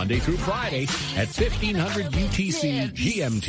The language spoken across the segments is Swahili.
Monday through Friday at 1500 UTC GMT.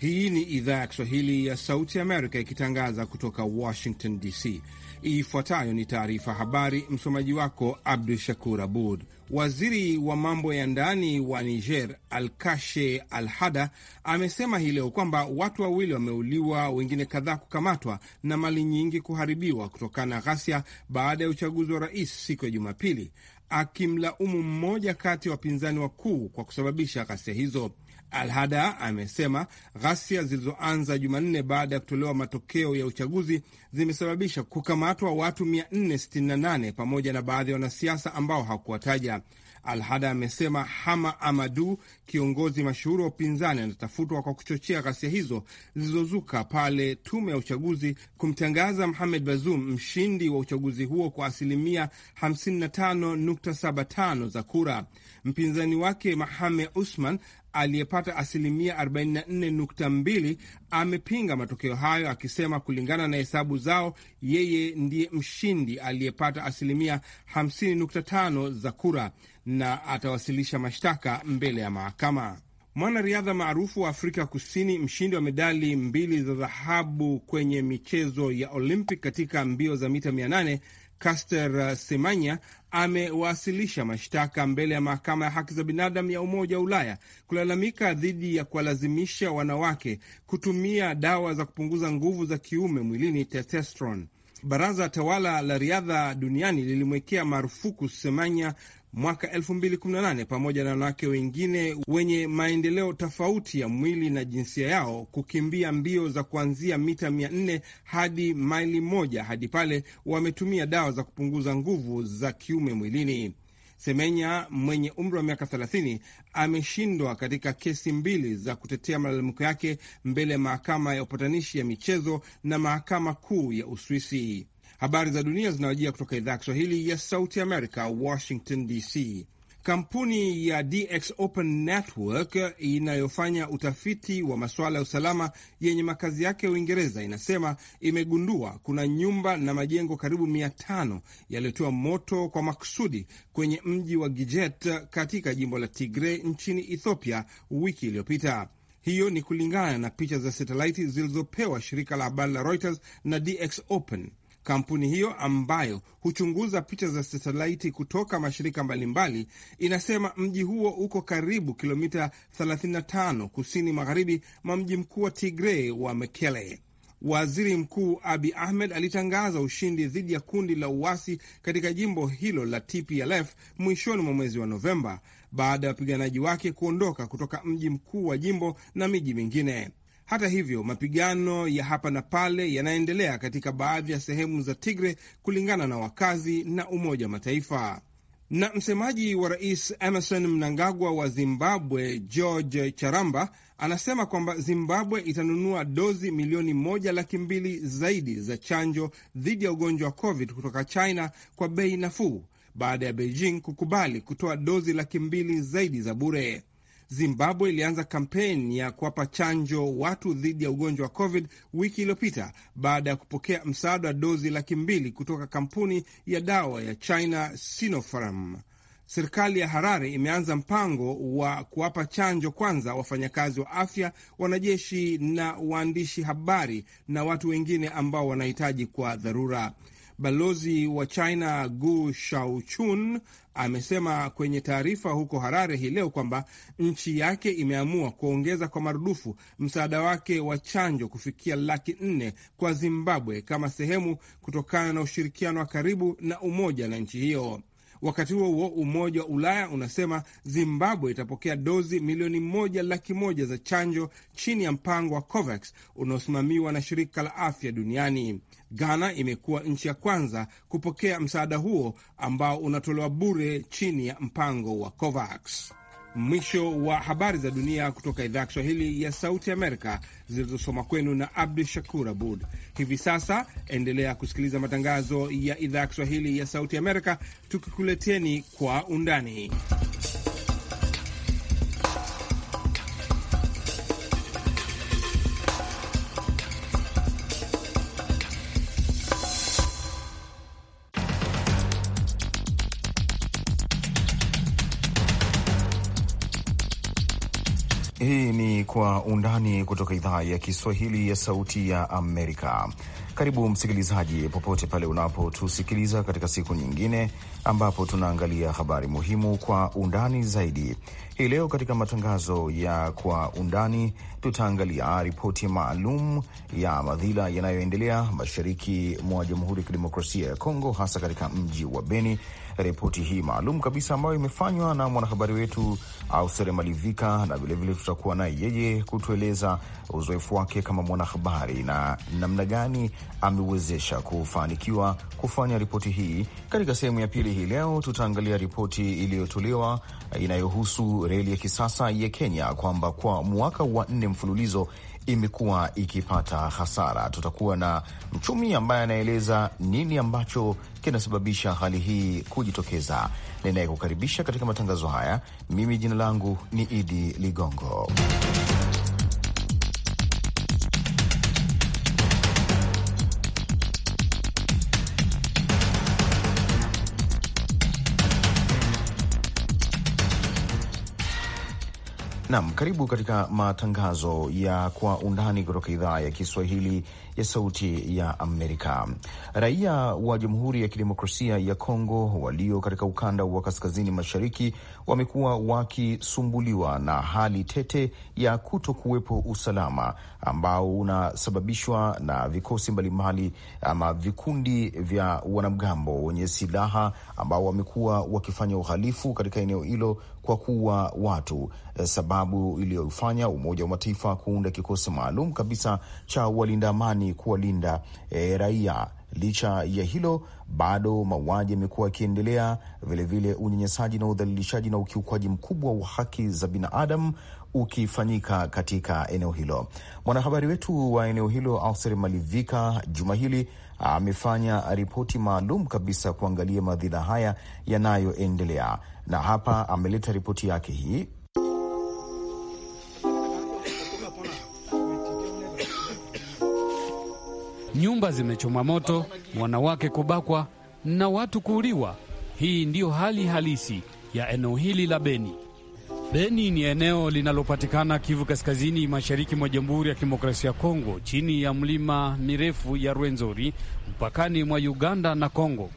Hii ni idhaa ya Kiswahili ya Sauti ya Amerika ikitangaza kutoka Washington DC. Ifuatayo ni taarifa habari, msomaji wako Abdu Shakur Abud. Waziri wa mambo ya ndani wa Niger Alkashe Alhada amesema hii leo kwamba watu wawili wameuliwa, wengine kadhaa kukamatwa na mali nyingi kuharibiwa kutokana na ghasia baada ya uchaguzi wa rais siku ya Jumapili, akimlaumu mmoja kati ya wapinzani wakuu kwa kusababisha ghasia hizo. Al-Hada amesema ghasia zilizoanza Jumanne baada ya kutolewa matokeo ya uchaguzi zimesababisha kukamatwa watu 468 pamoja na baadhi ya wanasiasa ambao hawakuwataja. Al-Hada amesema Hama Amadu, kiongozi mashuhuri wa upinzani, anatafutwa kwa kuchochea ghasia hizo zilizozuka pale tume ya uchaguzi kumtangaza Mohamed Bazoum mshindi wa uchaguzi huo kwa asilimia 55.75 za kura. Mpinzani wake Mahame Usman aliyepata asilimia 44.2 amepinga matokeo hayo akisema kulingana na hesabu zao yeye ndiye mshindi aliyepata asilimia 50.5 za kura na atawasilisha mashtaka mbele ya mahakama. Mwanariadha maarufu wa Afrika Kusini, mshindi wa medali mbili za dhahabu kwenye michezo ya Olympic katika mbio za mita 800 Caster uh, Semanya amewasilisha mashtaka mbele ya mahakama ya haki za binadamu ya Umoja wa Ulaya kulalamika dhidi ya kuwalazimisha wanawake kutumia dawa za kupunguza nguvu za kiume mwilini testosterone. Baraza tawala la riadha duniani lilimwekea marufuku Semenya mwaka 2018 pamoja na wanawake wengine wenye maendeleo tofauti ya mwili na jinsia yao kukimbia mbio za kuanzia mita 400 hadi maili moja hadi pale wametumia dawa za kupunguza nguvu za kiume mwilini. Semenya mwenye umri wa miaka 30 ameshindwa katika kesi mbili za kutetea malalamiko yake mbele ya mahakama ya upatanishi ya michezo na mahakama kuu ya Uswisi. Habari za dunia zinawajia kutoka idhaa ya Kiswahili ya Sauti Amerika, Washington DC. Kampuni ya DX Open Network eh, inayofanya utafiti wa masuala ya usalama yenye makazi yake ya Uingereza inasema imegundua kuna nyumba na majengo karibu mia tano yaliyotiwa moto kwa makusudi kwenye mji wa Gijet eh, katika jimbo la tigre nchini Ethiopia wiki iliyopita. Hiyo ni kulingana na picha za satelaiti zilizopewa shirika la habari la Reuters na DX Open. Kampuni hiyo ambayo huchunguza picha za satelaiti kutoka mashirika mbalimbali inasema mji huo uko karibu kilomita 35 kusini magharibi mwa mji mkuu wa tigrei wa Mekele. Waziri Mkuu Abi Ahmed alitangaza ushindi dhidi ya kundi la uasi katika jimbo hilo la TPLF mwishoni mwa mwezi wa Novemba baada ya wapiganaji wake kuondoka kutoka mji mkuu wa jimbo na miji mingine. Hata hivyo, mapigano ya hapa na pale yanaendelea katika baadhi ya sehemu za Tigre kulingana na wakazi na Umoja wa Mataifa. Na msemaji wa rais Emerson Mnangagwa wa Zimbabwe, George Charamba, anasema kwamba Zimbabwe itanunua dozi milioni moja laki mbili zaidi za chanjo dhidi ya ugonjwa wa COVID kutoka China kwa bei nafuu baada ya Beijing kukubali kutoa dozi laki mbili zaidi za bure. Zimbabwe ilianza kampeni ya kuwapa chanjo watu dhidi ya ugonjwa wa COVID wiki iliyopita baada ya kupokea msaada wa dozi laki mbili kutoka kampuni ya dawa ya China Sinopharm. Serikali ya Harare imeanza mpango wa kuwapa chanjo kwanza wafanyakazi wa afya, wanajeshi na waandishi habari na watu wengine ambao wanahitaji kwa dharura. Balozi wa China Gu Shauchun amesema kwenye taarifa huko Harare hii leo kwamba nchi yake imeamua kuongeza kwa marudufu msaada wake wa chanjo kufikia laki nne kwa Zimbabwe kama sehemu kutokana na ushirikiano wa karibu na umoja na nchi hiyo. Wakati huo huo, Umoja wa Ulaya unasema Zimbabwe itapokea dozi milioni moja laki moja za chanjo chini ya mpango wa COVAX unaosimamiwa na Shirika la Afya Duniani. Ghana imekuwa nchi ya kwanza kupokea msaada huo ambao unatolewa bure chini ya mpango wa COVAX. Mwisho wa habari za dunia kutoka idhaa ya Kiswahili ya Sauti Amerika zilizosoma kwenu na Abdu Shakur Abud. Hivi sasa endelea kusikiliza matangazo ya idhaa ya Kiswahili ya Sauti Amerika, tukikuleteni kwa undani Kwa Undani kutoka idhaa ya Kiswahili ya Sauti ya Amerika. Karibu msikilizaji, popote pale unapotusikiliza katika siku nyingine ambapo tunaangalia habari muhimu kwa undani zaidi. Hii leo katika matangazo ya Kwa Undani tutaangalia ripoti maalum ya madhila yanayoendelea mashariki mwa Jamhuri ya Kidemokrasia ya Kongo, hasa katika mji wa Beni ripoti hii maalum kabisa ambayo imefanywa na mwanahabari wetu Ausere Malivika, na vilevile tutakuwa naye yeye kutueleza uzoefu wake kama mwanahabari na namna gani amewezesha kufanikiwa kufanya ripoti hii. Katika sehemu ya pili hii leo tutaangalia ripoti iliyotolewa inayohusu reli ya kisasa ya Kenya kwamba kwa mwaka wa nne mfululizo imekuwa ikipata hasara. Tutakuwa na mchumi ambaye anaeleza nini ambacho kinasababisha hali hii kujitokeza. Ninayekukaribisha katika matangazo haya, mimi jina langu ni Idi Ligongo. Naam, karibu katika matangazo ya kwa undani kutoka idhaa ya Kiswahili ya Sauti ya Amerika. Raia wa Jamhuri ya Kidemokrasia ya Kongo walio katika ukanda wa kaskazini mashariki wamekuwa wakisumbuliwa na hali tete ya kuto kuwepo usalama ambao unasababishwa na vikosi mbalimbali ama vikundi vya wanamgambo wenye silaha ambao wamekuwa wakifanya uhalifu katika eneo hilo kwa kuua watu, eh, sababu iliyofanya Umoja wa Mataifa kuunda kikosi maalum kabisa cha walinda amani kuwalinda e, raia. Licha ya hilo, bado mauaji yamekuwa yakiendelea, vilevile unyanyasaji na udhalilishaji na ukiukwaji mkubwa wa haki za binadamu ukifanyika katika eneo hilo. Mwanahabari wetu wa eneo hilo Auser Malivika juma hili amefanya ripoti maalum kabisa kuangalia madhila haya yanayoendelea, na hapa ameleta ripoti yake hii. Nyumba zimechoma moto, wanawake kubakwa na watu kuuliwa. Hii ndiyo hali halisi ya eneo hili la Beni. Beni ni eneo linalopatikana Kivu Kaskazini, mashariki mwa Jamhuri ya Kidemokrasia ya Kongo, chini ya mlima mirefu ya Rwenzori, mpakani mwa Uganda na Kongo.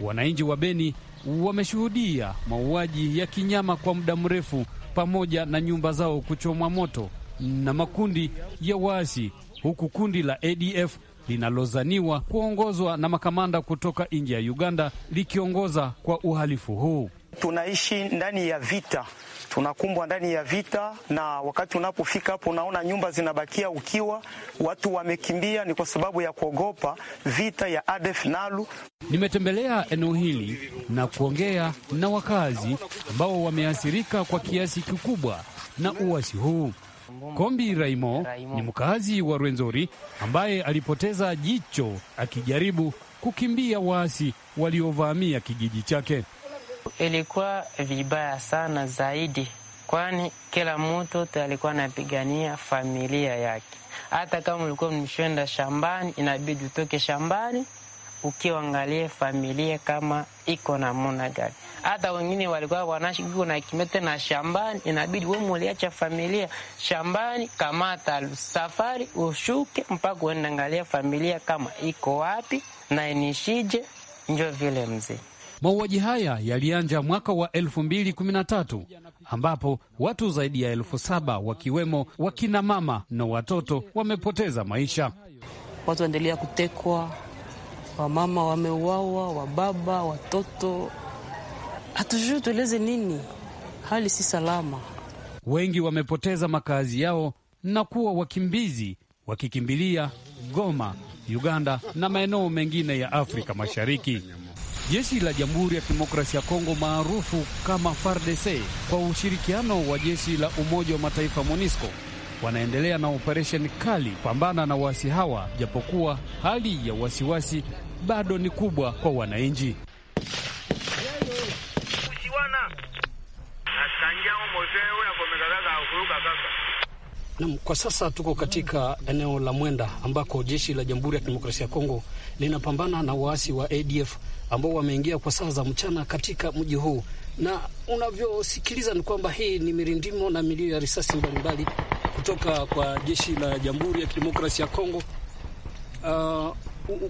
Wananchi wa Beni wameshuhudia mauaji ya kinyama kwa muda mrefu, pamoja na nyumba zao kuchomwa moto na makundi ya waasi, huku kundi la ADF linalozaniwa kuongozwa na makamanda kutoka nje ya Uganda likiongoza kwa uhalifu huu. Tunaishi ndani ya vita tunakumbwa ndani ya vita, na wakati unapofika hapo, unaona nyumba zinabakia ukiwa, watu wamekimbia, ni kwa sababu ya kuogopa vita ya ADF NALU. Nimetembelea eneo hili na kuongea na wakazi ambao wameathirika kwa kiasi kikubwa na uasi huu. Kombi Raimo ni mkazi wa Rwenzori ambaye alipoteza jicho akijaribu kukimbia waasi waliovamia kijiji chake. Ilikuwa vibaya sana zaidi, kwani kila mtu alikuwa anapigania familia yake. Hata kama ulikuwa mshenda shambani, inabidi utoke shambani ukiangalia familia kama iko na namuna gani. Hata wengine walikuwa wanaishi na kimete na shambani, inabidi wewe muliacha familia shambani, kamata safari ushuke mpaka uende angalia familia kama iko wapi na inishije. Njo vile mzee Mauaji haya yalianja mwaka wa 2013 ambapo watu zaidi ya elfu saba wakiwemo wakina mama na watoto wamepoteza maisha. Watu waendelea kutekwa, wamama wameuawa, wababa, watoto. Hatujui tueleze nini, hali si salama. Wengi wamepoteza makazi yao na kuwa wakimbizi wakikimbilia Goma, Uganda na maeneo mengine ya Afrika Mashariki. Jeshi la Jamhuri ya Kidemokrasia ya Kongo maarufu kama FARDC kwa ushirikiano wa jeshi la Umoja wa Mataifa MONUSCO wanaendelea na operesheni kali pambana na waasi hawa, japokuwa hali ya wasiwasi bado ni kubwa kwa wananchi. Nam, kwa sasa tuko katika eneo la Mwenda ambako jeshi la Jamhuri ya Kidemokrasia ya Kongo linapambana na waasi wa ADF ambao wameingia kwa saa za mchana katika mji huu, na unavyosikiliza ni kwamba hii ni mirindimo na milio ya risasi mbalimbali kutoka kwa jeshi la Jamhuri ya Kidemokrasia ya Kongo uh,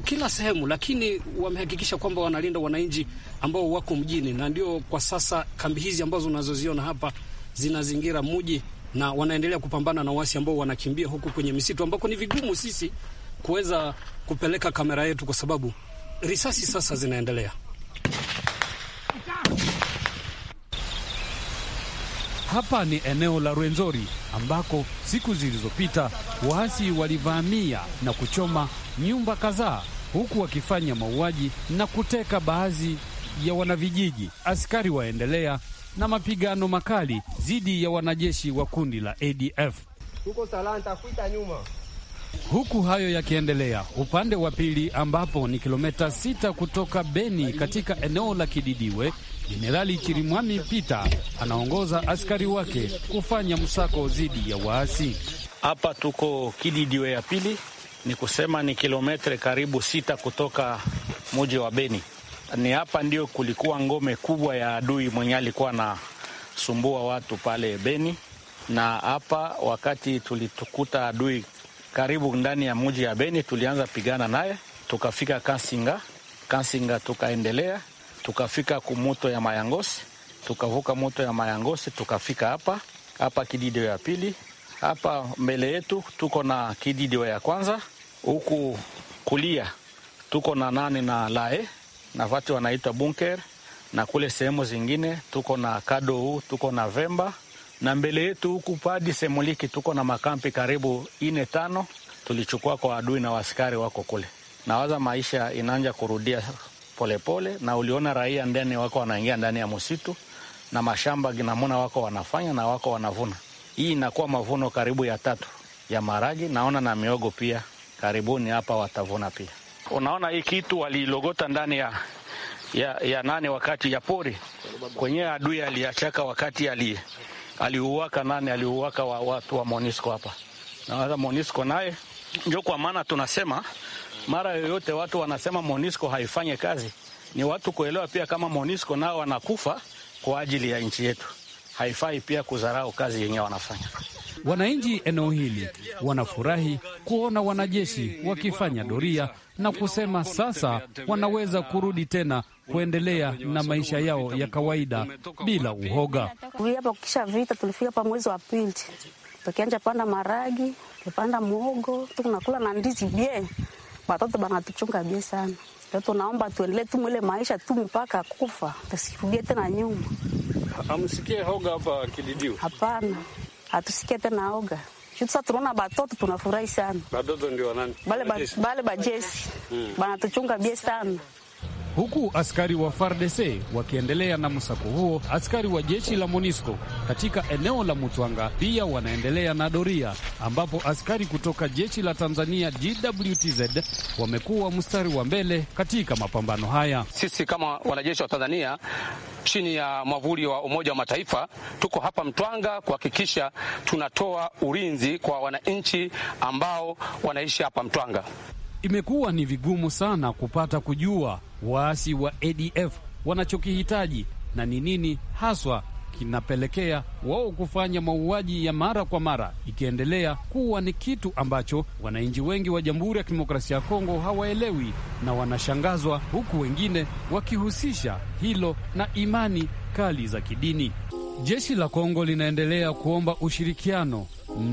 kila sehemu lakini wamehakikisha kwamba wanalinda wananchi ambao wako mjini, na ndio kwa sasa kambi hizi ambazo unazoziona hapa zinazingira mji na wanaendelea kupambana na wasi ambao wanakimbia huku kwenye misitu ambako ni vigumu sisi kuweza kupeleka kamera yetu kwa sababu risasi sasa zinaendelea. Hapa ni eneo la Rwenzori ambako siku zilizopita waasi walivamia na kuchoma nyumba kadhaa huku wakifanya mauaji na kuteka baadhi ya wanavijiji. Askari waendelea na mapigano makali dhidi ya wanajeshi wa kundi la ADF. Tuko Salanta kuita nyuma. Huku hayo yakiendelea, upande wa pili ambapo ni kilomita sita kutoka Beni katika eneo la Kididiwe, Jenerali Chirimwami Pita anaongoza askari wake kufanya msako dhidi ya waasi. Hapa tuko Kididiwe ya pili, ni kusema ni kilometre karibu sita kutoka muji wa Beni ni hapa ndio kulikuwa ngome kubwa ya adui mwenye alikuwa anasumbua watu pale Beni, na hapa wakati tulitukuta adui karibu ndani ya muji ya Beni, tulianza pigana naye, tukafika kasinga kasinga tukaendelea tukafika kumoto ya Mayangosi, tukavuka moto ya Mayangosi tukafika hapa hapa Kididio ya pili. Hapa mbele yetu tuko na Kididio ya kwanza, huku kulia tuko na nane na Lae na vati wanaitwa bunker, na kule sehemu zingine tuko na kado huu tuko na Vemba na mbele yetu huku padi Semuliki tuko na makampi karibu ine tano tulichukua kwa adui na waskari wako kule. Nawaza maisha inaanja kurudia polepole pole, na uliona raia ndani wako wanaingia ndani ya msitu na mashamba ginamuna wako wanafanya na wako wanavuna. Hii inakuwa mavuno karibu ya tatu ya maragi, naona na miogo pia karibuni hapa watavuna pia unaona hii kitu waliilogota ndani ya, ya, ya nane wakati ya pori kwenyewe adui aliachaka wakati ali, aliuwaka nane aliuwaka wa watu wa Monisco hapa na Monisco naye ndio kwa maana tunasema mara yoyote watu wanasema Monisco haifanye kazi, ni watu kuelewa pia kama Monisco nao wanakufa kwa ajili ya nchi yetu. Haifai pia kudharau kazi yenyewe wanafanya. Wananchi eneo hili wanafurahi kuona wanajeshi wakifanya doria na kusema sasa wanaweza kurudi tena kuendelea na maisha yao ya kawaida bila uhoga. kisha vita tulifika pa mwezi wa pili, tukianja panda maragi, tulipanda mwogo, tunakula na ndizi bie, watoto banatuchunga bie sana. Tunaomba tuendelee tu mwile maisha tu mpaka kufa, tusirudie tena nyuma. Amsikie hoga hapa Kididiu? Hapana hatusikia tena oga sasa tunaona batoto tunafurahi sana, batoto ndio wanani bale bajesi banatuchunga hmm. bie sana huku askari wa FARDC wakiendelea na msako huo. Askari wa jeshi la MONUSCO katika eneo la Mutwanga pia wanaendelea na doria, ambapo askari kutoka jeshi la Tanzania JWTZ wamekuwa mstari wa mbele katika mapambano haya. Sisi kama wanajeshi wa Tanzania chini ya mwavuli wa Umoja wa Mataifa tuko hapa Mtwanga kuhakikisha tunatoa ulinzi kwa wananchi ambao wanaishi hapa Mtwanga imekuwa ni vigumu sana kupata kujua waasi wa ADF wanachokihitaji na ni nini haswa kinapelekea wao kufanya mauaji ya mara kwa mara, ikiendelea kuwa ni kitu ambacho wananchi wengi wa Jamhuri ya Kidemokrasia ya Kongo hawaelewi na wanashangazwa, huku wengine wakihusisha hilo na imani kali za kidini. Jeshi la Kongo linaendelea kuomba ushirikiano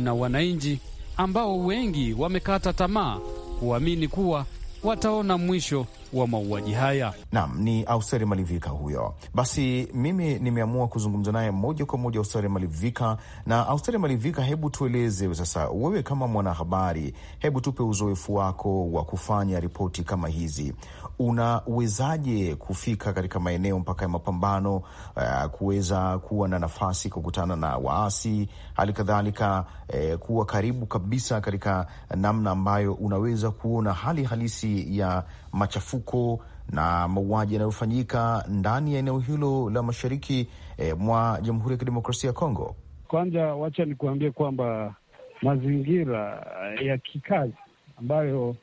na wananchi ambao wengi wamekata tamaa kuamini kuwa wataona mwisho wa mauaji haya. Naam, ni austeri Malivika huyo. Basi mimi nimeamua kuzungumza naye moja kwa moja Austere Malivika. Na Austere Malivika, hebu tueleze sasa, wewe kama mwanahabari, hebu tupe uzoefu wako wa kufanya ripoti kama hizi. Unawezaje kufika katika maeneo mpaka ya mapambano, uh, kuweza kuwa na nafasi kukutana na waasi, hali kadhalika eh, kuwa karibu kabisa katika namna ambayo unaweza kuona hali halisi ya machafuko na mauaji yanayofanyika ndani ya eneo hilo la mashariki e, mwa Jamhuri ya Kidemokrasia ya Kongo. Kwanza wacha nikuambie kwamba mazingira e, ya kikazi ambayo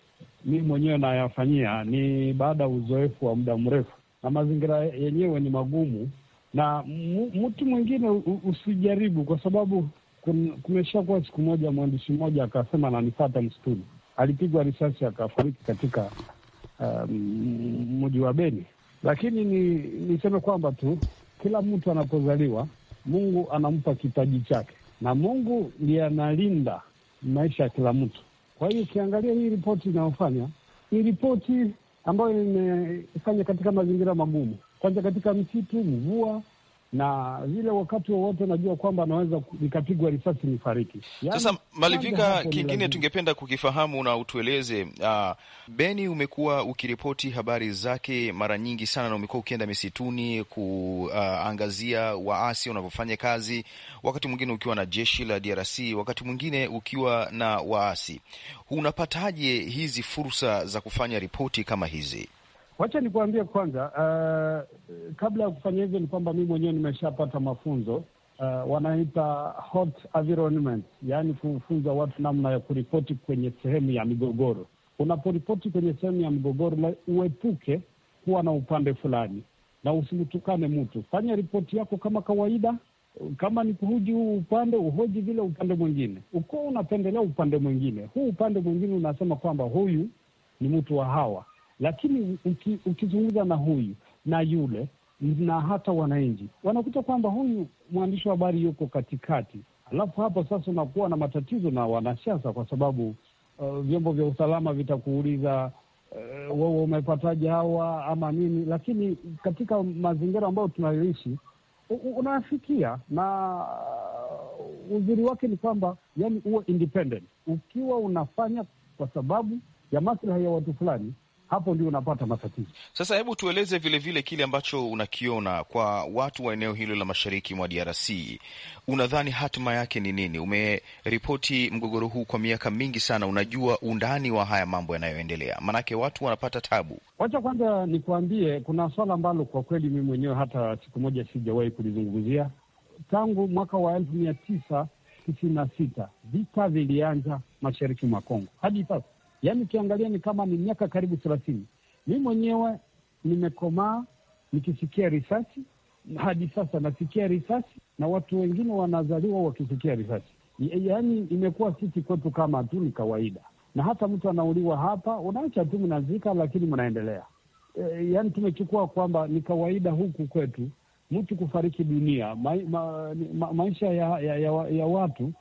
mi mwenyewe nayafanyia ni baada ya uzoefu wa muda mrefu, na mazingira yenyewe ni magumu, na mtu mwingine usijaribu, kwa sababu kumeshakuwa siku moja mwandishi mmoja akasema, nanifata msituni, alipigwa risasi akafariki katika uh, mji wa Beni. Lakini ni niseme kwamba tu kila mtu anapozaliwa Mungu anampa kipaji chake, na Mungu ndiye analinda maisha ya kila mtu. Kwa hiyo ukiangalia hii ripoti inayofanya ni ripoti ambayo imefanya katika mazingira magumu, kwanza katika msitu, mvua na vile wakati wowote wa najua kwamba anaweza nikapigwa risasi nifariki. Yani, sasa Malivika, kingine tungependa kukifahamu na utueleze. Uh, Beni umekuwa ukiripoti habari zake mara nyingi sana, na umekuwa ukienda misituni kuangazia ah, uh, waasi wanavyofanya kazi, wakati mwingine ukiwa na jeshi la DRC, wakati mwingine ukiwa na waasi. Unapataje hizi fursa za kufanya ripoti kama hizi? Wacha nikuambie kwanza, uh, kabla ya kufanya hivyo ni kwamba mi mwenyewe nimeshapata mafunzo uh, wanaita hot environment, yaani kufunza watu namna ya kuripoti kwenye sehemu ya migogoro. Unaporipoti kwenye sehemu ya migogoro, uepuke kuwa na upande fulani na usimtukane mtu. Fanya ripoti yako kama kawaida. Kama ni kuhoji huu upande, uhoji vile upande mwingine. Ukuwa unapendelea upande mwingine, huu upande mwingine unasema kwamba huyu ni mtu wa hawa lakini uki, ukizungumza na huyu na yule na hata wananchi wanakuta kwamba huyu mwandishi wa habari yuko katikati, alafu hapo sasa unakuwa na matatizo na wanasiasa, kwa sababu uh, vyombo vya usalama vitakuuliza uh, wewe umepataji umepataje hawa ama nini, lakini katika mazingira ambayo tunayoishi unaafikia na uh, uzuri wake ni kwamba yani, uwe independent ukiwa unafanya kwa sababu ya maslahi ya watu fulani, hapo ndio unapata matatizo. Sasa hebu tueleze vilevile vile kile ambacho unakiona kwa watu wa eneo hilo la mashariki mwa DRC, unadhani hatima yake ni nini? Umeripoti mgogoro huu kwa miaka mingi sana, unajua undani wa haya mambo yanayoendelea, maanake watu wanapata tabu. Wacha kwanza nikuambie, kuna swala ambalo kwa kweli mi mwenyewe hata siku moja sijawahi kulizungumzia tangu mwaka wa elfu mia tisa tisini na sita vita vilianza mashariki mwa Kongo hadi sasa yaani ukiangalia ni kama ni miaka karibu thelathini. Mi mwenyewe nimekomaa nikisikia risasi hadi sasa nasikia risasi, na watu wengine wanazaliwa wakisikia risasi. Yaani imekuwa sisi kwetu kama tu ni kawaida, na hata mtu anauliwa hapa, unaacha tu mnazika, lakini mnaendelea. E, yaani tumechukua kwamba ni kawaida huku kwetu mtu kufariki dunia ma, ma, ma, maisha ya, ya, ya, ya watu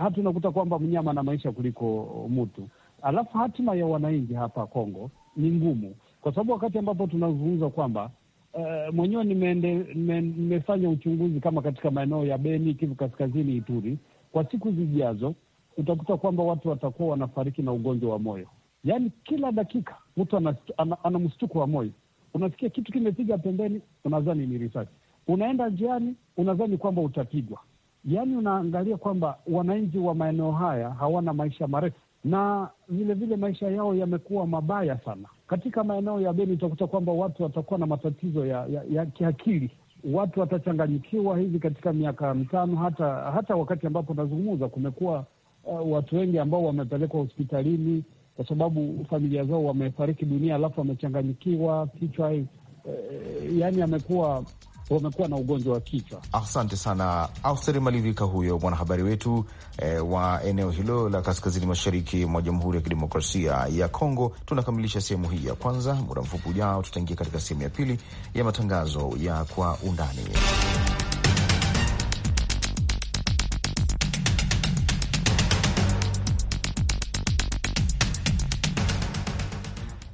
hata unakuta kwamba mnyama na maisha kuliko mtu. Alafu hatima ya wananchi hapa Kongo ni ngumu, kwa sababu wakati ambapo tunazungumza kwamba uh, mwenyewe nimefanya uchunguzi kama katika maeneo ya Beni, Kivu Kaskazini, Ituri, kwa siku zijazo utakuta kwamba watu watakuwa wanafariki na ugonjwa wa moyo. Yaani kila dakika mtu ana, ana, ana mshtuko wa moyo, unasikia kitu kimepiga pembeni, unadhani ni risasi, unaenda njiani, unadhani kwamba utapigwa. Yaani unaangalia kwamba wananchi wa maeneo haya hawana maisha marefu na vilevile maisha yao yamekuwa mabaya sana. Katika maeneo ya Beni utakuta kwamba watu watakuwa na matatizo ya, ya, ya kiakili watu watachanganyikiwa hivi katika miaka mitano. Hata hata wakati ambapo nazungumza, kumekuwa uh, watu wengi ambao wamepelekwa hospitalini kwa sababu familia zao wamefariki dunia, alafu wamechanganyikiwa kichwa. Uh, yani amekuwa wamekuwa na ugonjwa wa kichwa. Asante sana Auster Malivika, huyo mwanahabari wetu eh, wa eneo hilo la kaskazini mashariki mwa Jamhuri ya Kidemokrasia ya Kongo. Tunakamilisha sehemu hii ya kwanza. Muda mfupi ujao, tutaingia katika sehemu ya pili ya matangazo ya Kwa Undani.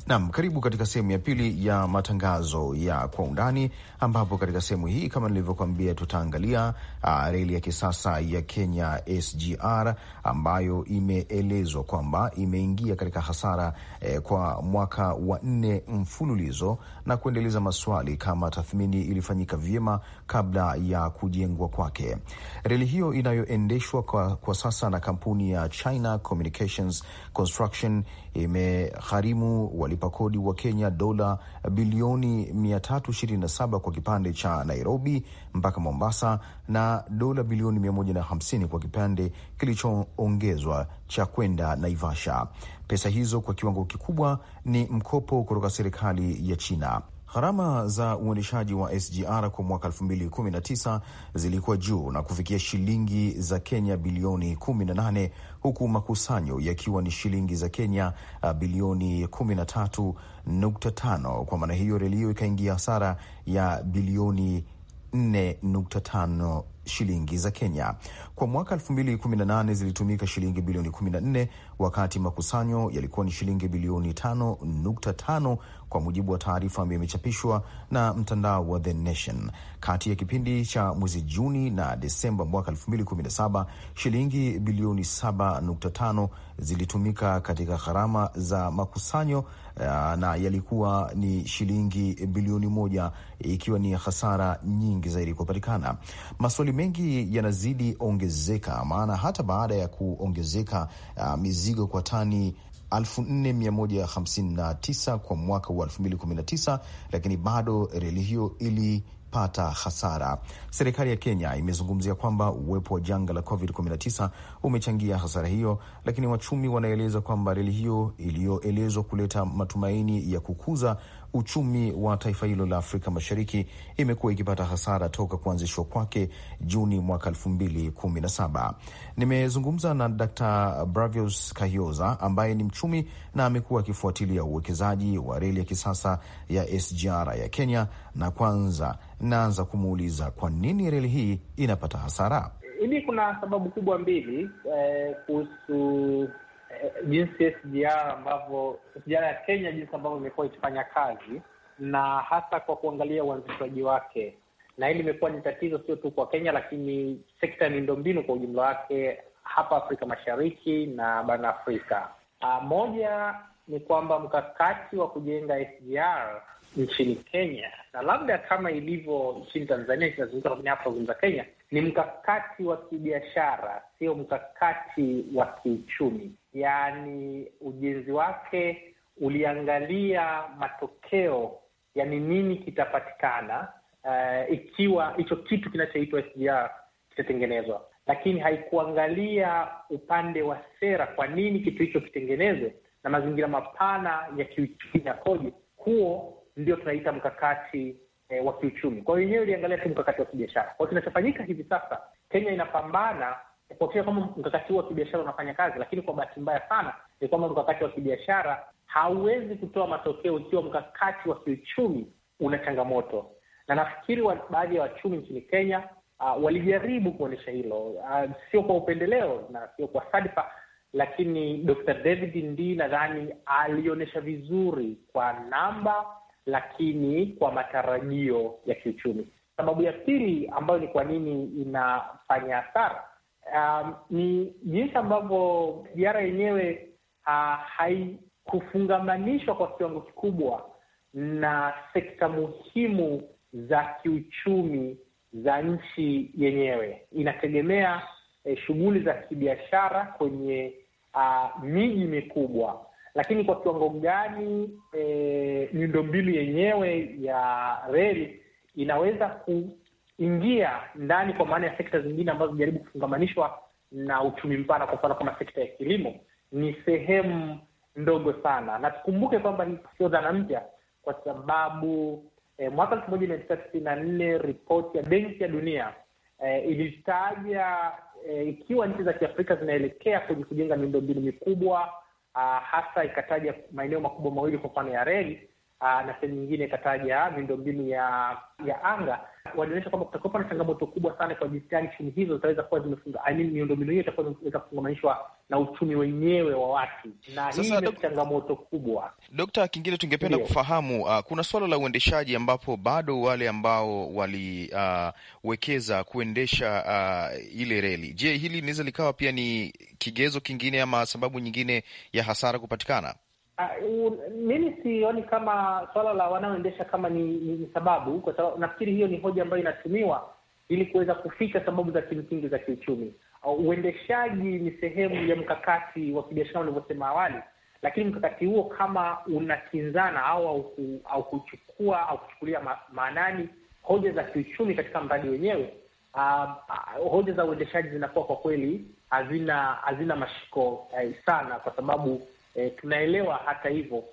Nam, karibu katika sehemu ya pili ya matangazo ya kwa undani, ambapo katika sehemu hii kama nilivyokuambia, tutaangalia uh, reli ya kisasa ya Kenya SGR ambayo imeelezwa kwamba imeingia katika hasara eh, kwa mwaka wa nne mfululizo, na kuendeleza maswali kama tathmini ilifanyika vyema kabla ya kujengwa kwake. Reli hiyo inayoendeshwa kwa, kwa sasa na kampuni ya China Communications Construction imegharimu wali walipa kodi wa Kenya dola bilioni 327 kwa kipande cha Nairobi mpaka Mombasa na dola bilioni 150 kwa kipande kilichoongezwa cha kwenda Naivasha. Pesa hizo kwa kiwango kikubwa ni mkopo kutoka serikali ya China. Gharama za uendeshaji wa SGR kwa mwaka 2019 zilikuwa juu na kufikia shilingi za Kenya bilioni 18 huku makusanyo yakiwa ni shilingi za Kenya uh, bilioni 13.5. Kwa maana hiyo, reli hiyo ikaingia hasara ya bilioni 4.5 shilingi za Kenya. Kwa mwaka 2018 zilitumika shilingi bilioni 14, wakati makusanyo yalikuwa ni shilingi bilioni 5.5 kwa mujibu wa taarifa ambayo imechapishwa na mtandao wa The Nation. Kati ya kipindi cha mwezi Juni na Desemba mwaka 2017 shilingi bilioni 7.5 zilitumika katika gharama za makusanyo eh, na yalikuwa ni shilingi bilioni moja, ikiwa ni hasara nyingi zaidi kupatikana. Maswali mengi yanazidi ongezeka, maana hata baada ya kuongezeka uh, mizigo kwa tani 4159 kwa mwaka wa 2019, lakini bado reli hiyo ili pata hasara. Serikali ya Kenya imezungumzia kwamba uwepo wa janga la COVID-19 umechangia hasara hiyo, lakini wachumi wanaeleza kwamba reli hiyo iliyoelezwa kuleta matumaini ya kukuza uchumi wa taifa hilo la Afrika Mashariki imekuwa ikipata hasara toka kuanzishwa kwake Juni mwaka elfu mbili kumi na saba. Nimezungumza na Dr Bravius Kahioza ambaye ni mchumi na amekuwa akifuatilia uwekezaji wa reli ya kisasa ya SGR ya Kenya, na kwanza naanza kumuuliza kwa nini reli hii inapata hasara. Hili kuna sababu kubwa mbili eh, kuhusu Eh, jinsi SGR ambavyo SGR ya Kenya jinsi ambavyo imekuwa ikifanya kazi na hasa kwa kuangalia uanzishwaji wake, na hili limekuwa ni tatizo sio tu kwa Kenya, lakini sekta ya miundombinu kwa ujumla wake hapa Afrika Mashariki na barani Afrika. A, ah, moja ni kwamba mkakati wa kujenga SGR nchini Kenya na labda kama ilivyo nchini Tanzania, kinazungumza Kenya ni mkakati wa kibiashara, sio mkakati wa kiuchumi. Yaani ujenzi wake uliangalia matokeo, ni nini kitapatikana uh, ikiwa hicho kitu kinachoitwa SGR kitatengenezwa, lakini haikuangalia upande wa sera, kwa nini kitu hicho kitengenezwe na mazingira mapana ya kiuchumi yakoje. Huo ndio tunaita mkakati e, wa kiuchumi. Kwa hiyo yenyewe iliangalia tu mkakati wa kibiashara. Kwa hiyo kinachofanyika hivi sasa, Kenya inapambana kuhakikisha kwamba mkakati huu wa kibiashara unafanya kazi, lakini kwa bahati mbaya sana ni kwamba mkakati wa kibiashara hauwezi kutoa matokeo ikiwa mkakati wa kiuchumi una changamoto, na nafikiri wa, baadhi ya wachumi nchini Kenya uh, walijaribu kuonyesha hilo uh, sio kwa upendeleo na sio kwa sadfa, lakini Dr. David Ndii nadhani alionyesha vizuri kwa namba lakini kwa matarajio ya kiuchumi. Sababu ya pili ambayo ni kwa nini inafanya hasara um, ni jinsi ambavyo biara yenyewe uh, haikufungamanishwa kwa kiwango kikubwa na sekta muhimu za kiuchumi za nchi yenyewe. Inategemea eh, shughuli za kibiashara kwenye uh, miji mikubwa lakini kwa kiwango gani e, miundombinu yenyewe ya reli inaweza kuingia ndani, kwa maana ya sekta zingine ambazo zijaribu kufungamanishwa na uchumi mpana, kwa mfano kama sekta ya kilimo, ni sehemu ndogo sana, na tukumbuke kwamba sio dhana mpya, kwa sababu e, mwaka elfu moja mia tisa tisini na nne ripoti ya Benki ya Dunia e, ilitaja e, ikiwa nchi za Kiafrika zinaelekea kwenye kujenga miundombinu mikubwa uh, hasa ikataja maeneo makubwa mawili kwa mfano ya reli uh, na sehemu nyingine ikataja miundombinu ya ya anga walionyesha kwamba kutakuwa na changamoto kubwa sana kwa jinsi gani chumi hizo zitaweza kuwa zimefunga, I mean, miundombinu hiyo itakuwa imeweza kufungamanishwa na uchumi wenyewe wa watu, na hii ni changamoto kubwa. Dokta, kingine tungependa kufahamu uh, kuna suala la uendeshaji ambapo bado wale ambao waliwekeza uh, kuendesha uh, ile reli. Je, hili linaweza likawa pia ni kigezo kingine ama sababu nyingine ya hasara kupatikana? Uh, mimi sioni kama swala la wanaoendesha kama ni, ni, ni sababu, kwa sababu nafikiri hiyo ni hoja ambayo inatumiwa ili kuweza kuficha sababu za kimsingi za kiuchumi. Ah, uendeshaji uh, ni sehemu ya mkakati wa kibiashara ulivyosema awali, lakini mkakati huo kama unakinzana au au kuchukua au kuchukulia maanani hoja za kiuchumi katika mradi wenyewe, uh, uh, hoja za uendeshaji zinakuwa kwa kweli hazina hazina mashiko uh, sana kwa sababu E, tunaelewa hata hivyo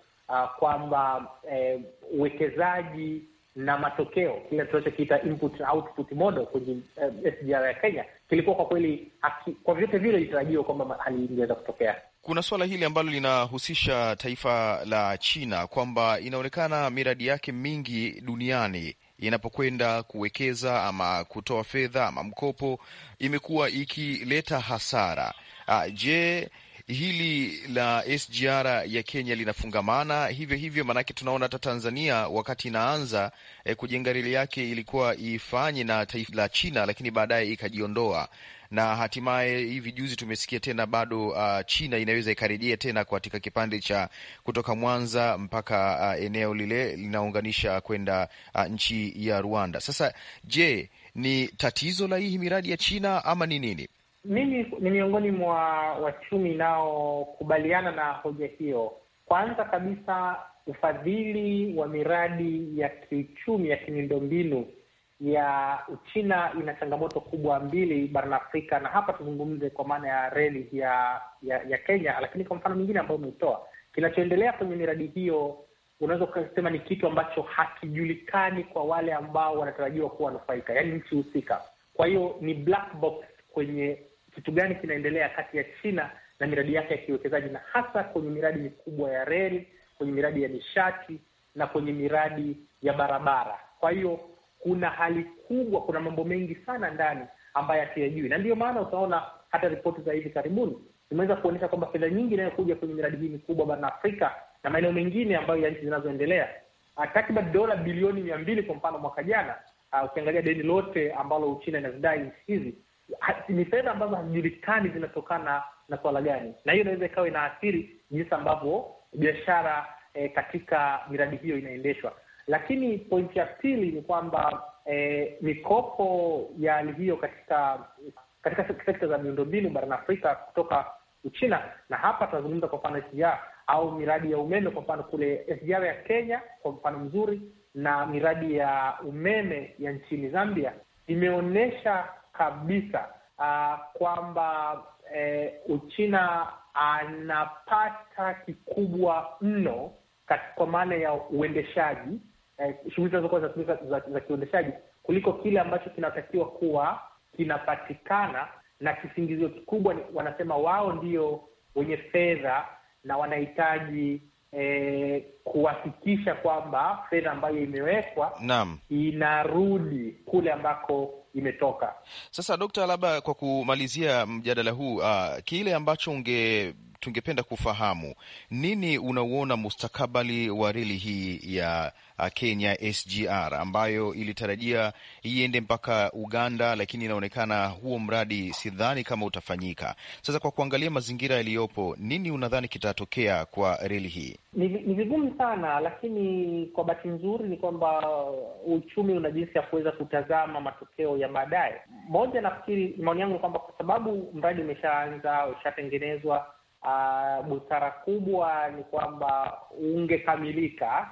kwamba e, uwekezaji na matokeo kile tunachokiita input output model kwenye e, SGR ya Kenya kilikuwa kwa kweli haki, kwa vyote vile ilitarajiwa kwamba hali ingeweza kutokea. Kuna suala hili ambalo linahusisha taifa la China kwamba inaonekana miradi yake mingi duniani inapokwenda kuwekeza ama kutoa fedha ama mkopo imekuwa ikileta hasara. Uh, je, hili la SGR ya Kenya linafungamana hivyo hivyo? Maanake tunaona hata Tanzania wakati inaanza eh, kujenga reli yake ilikuwa ifanye na taifa la China, lakini baadaye ikajiondoa na hatimaye hivi juzi tumesikia tena bado uh, China inaweza ikarejea tena katika kipande cha kutoka Mwanza mpaka uh, eneo lile linaunganisha kwenda uh, nchi ya Rwanda. Sasa je, ni tatizo la hii miradi ya China ama ni nini? Mimi ni miongoni mwa wachumi naokubaliana na hoja hiyo. Kwanza kabisa, ufadhili wa miradi ya kiuchumi ya kimiundombinu ya Uchina ina changamoto kubwa mbili barani Afrika, na hapa tuzungumze kwa maana ya reli ya, ya ya Kenya, lakini kwa mfano mwingine ambayo umeitoa, kinachoendelea kwenye miradi hiyo unaweza ukasema ni kitu ambacho hakijulikani kwa wale ambao wanatarajiwa kuwa wanufaika, yaani nchi husika. Kwa hiyo ni black box kwenye kitu gani kinaendelea kati ya China na miradi yake ya kiwekezaji, na hasa kwenye miradi mikubwa ya reli, kwenye miradi ya nishati na kwenye miradi ya barabara. Kwa hiyo kuna hali kubwa, kuna mambo mengi sana ndani ambayo hatuyajui, na ndiyo maana utaona hata ripoti za hivi karibuni zimeweza kuonyesha kwamba fedha nyingi inayokuja kwenye miradi hii mikubwa barani Afrika na maeneo mengine ambayo ya nchi zinazoendelea ah, takriban dola bilioni mia mbili kwa mfano mwaka jana. Ah, ukiangalia deni lote ambalo Uchina inazidai nchi hizi ni fedha ambazo hazijulikani zinatokana na swala gani, na hiyo inaweza ikawa inaathiri jinsi ambavyo biashara eh, katika miradi hiyo inaendeshwa. Lakini pointi ya pili ni kwamba eh, mikopo ya hali hiyo katika katika sekta za miundombinu barani Afrika kutoka Uchina, na hapa tunazungumza kwa mfano SGR au miradi ya umeme, kwa mfano kule SGR ya Kenya kwa mfano mzuri, na miradi ya umeme ya nchini Zambia imeonyesha kabisa uh, kwamba eh, Uchina anapata kikubwa mno kwa maana ya uendeshaji eh, shughuli zinazokuwa zinatumika za, za kiuendeshaji kuliko kile ambacho kinatakiwa kuwa kinapatikana, na kisingizio kikubwa ni wanasema wao ndio wenye fedha na wanahitaji eh, kuhakikisha kwamba fedha ambayo imewekwa naam, inarudi kule ambako imetoka. Sasa Dokta, labda kwa kumalizia mjadala huu, uh, kile ambacho unge tungependa kufahamu nini unauona mustakabali wa reli hii ya uh, Kenya SGR ambayo ilitarajia iende mpaka Uganda, lakini inaonekana huo mradi sidhani kama utafanyika. Sasa kwa kuangalia mazingira yaliyopo, nini unadhani kitatokea kwa reli hii? Ni vigumu sana, lakini kwa bahati nzuri ni kwamba uchumi una jinsi ya kuweza kutazama matokeo ya baadaye. Moja, nafikiri maoni yangu ni kwamba kwa sababu mradi umeshaanza, ushatengenezwa uh, busara kubwa ni kwamba ungekamilika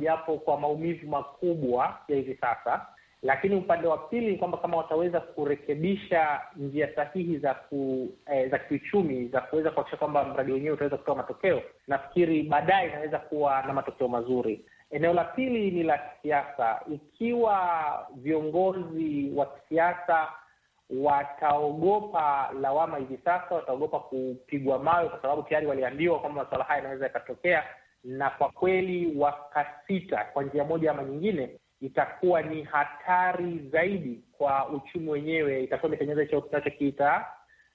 japo kwa maumivu makubwa ya hivi sasa, lakini upande wa pili ni kwamba kama wataweza kurekebisha njia sahihi za ku, eh, za kiuchumi za kuweza kuhakikisha kwamba mradi wenyewe utaweza kutoa matokeo, nafikiri baadaye inaweza kuwa na matokeo mazuri. Eneo la pili ni la kisiasa. Ikiwa viongozi wa kisiasa wataogopa lawama hivi sasa, wataogopa kupigwa mawe, kwa sababu tayari waliambiwa kwamba masuala haya yanaweza yakatokea, na kwa kweli wakasita, kwa njia moja ama nyingine itakuwa ni hatari zaidi kwa uchumi wenyewe. Itakuwa imetengeneza hicho tunachokiita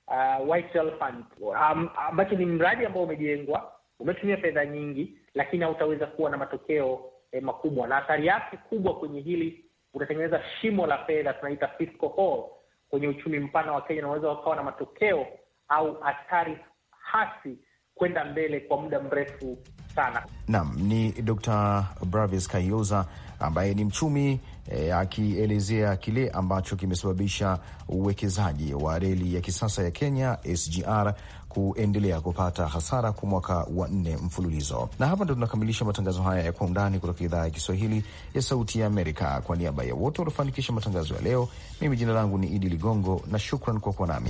uh, white elephant um, ambacho um, ni mradi ambao umejengwa, umetumia fedha nyingi, lakini hautaweza kuwa na matokeo eh, makubwa, na hatari yake kubwa kwenye hili, utatengeneza shimo la fedha, tunaita fiscal hole kwenye uchumi mpana wa Kenya na unaweza wakawa na matokeo au athari hasi kwenda mbele kwa muda mrefu sana. Naam, ni Dr. Bravis Kayoza ambaye ni mchumi e, akielezea kile ambacho kimesababisha uwekezaji wa reli ya kisasa ya Kenya SGR kuendelea kupata hasara kwa mwaka wa nne mfululizo. Na hapa ndo tunakamilisha matangazo haya ya Kwa Undani kutoka idhaa ya Kiswahili ya Sauti ya Amerika. Kwa niaba ya wote waliofanikisha matangazo ya leo, mimi jina langu ni Idi Ligongo na shukran kwa kuwa nami.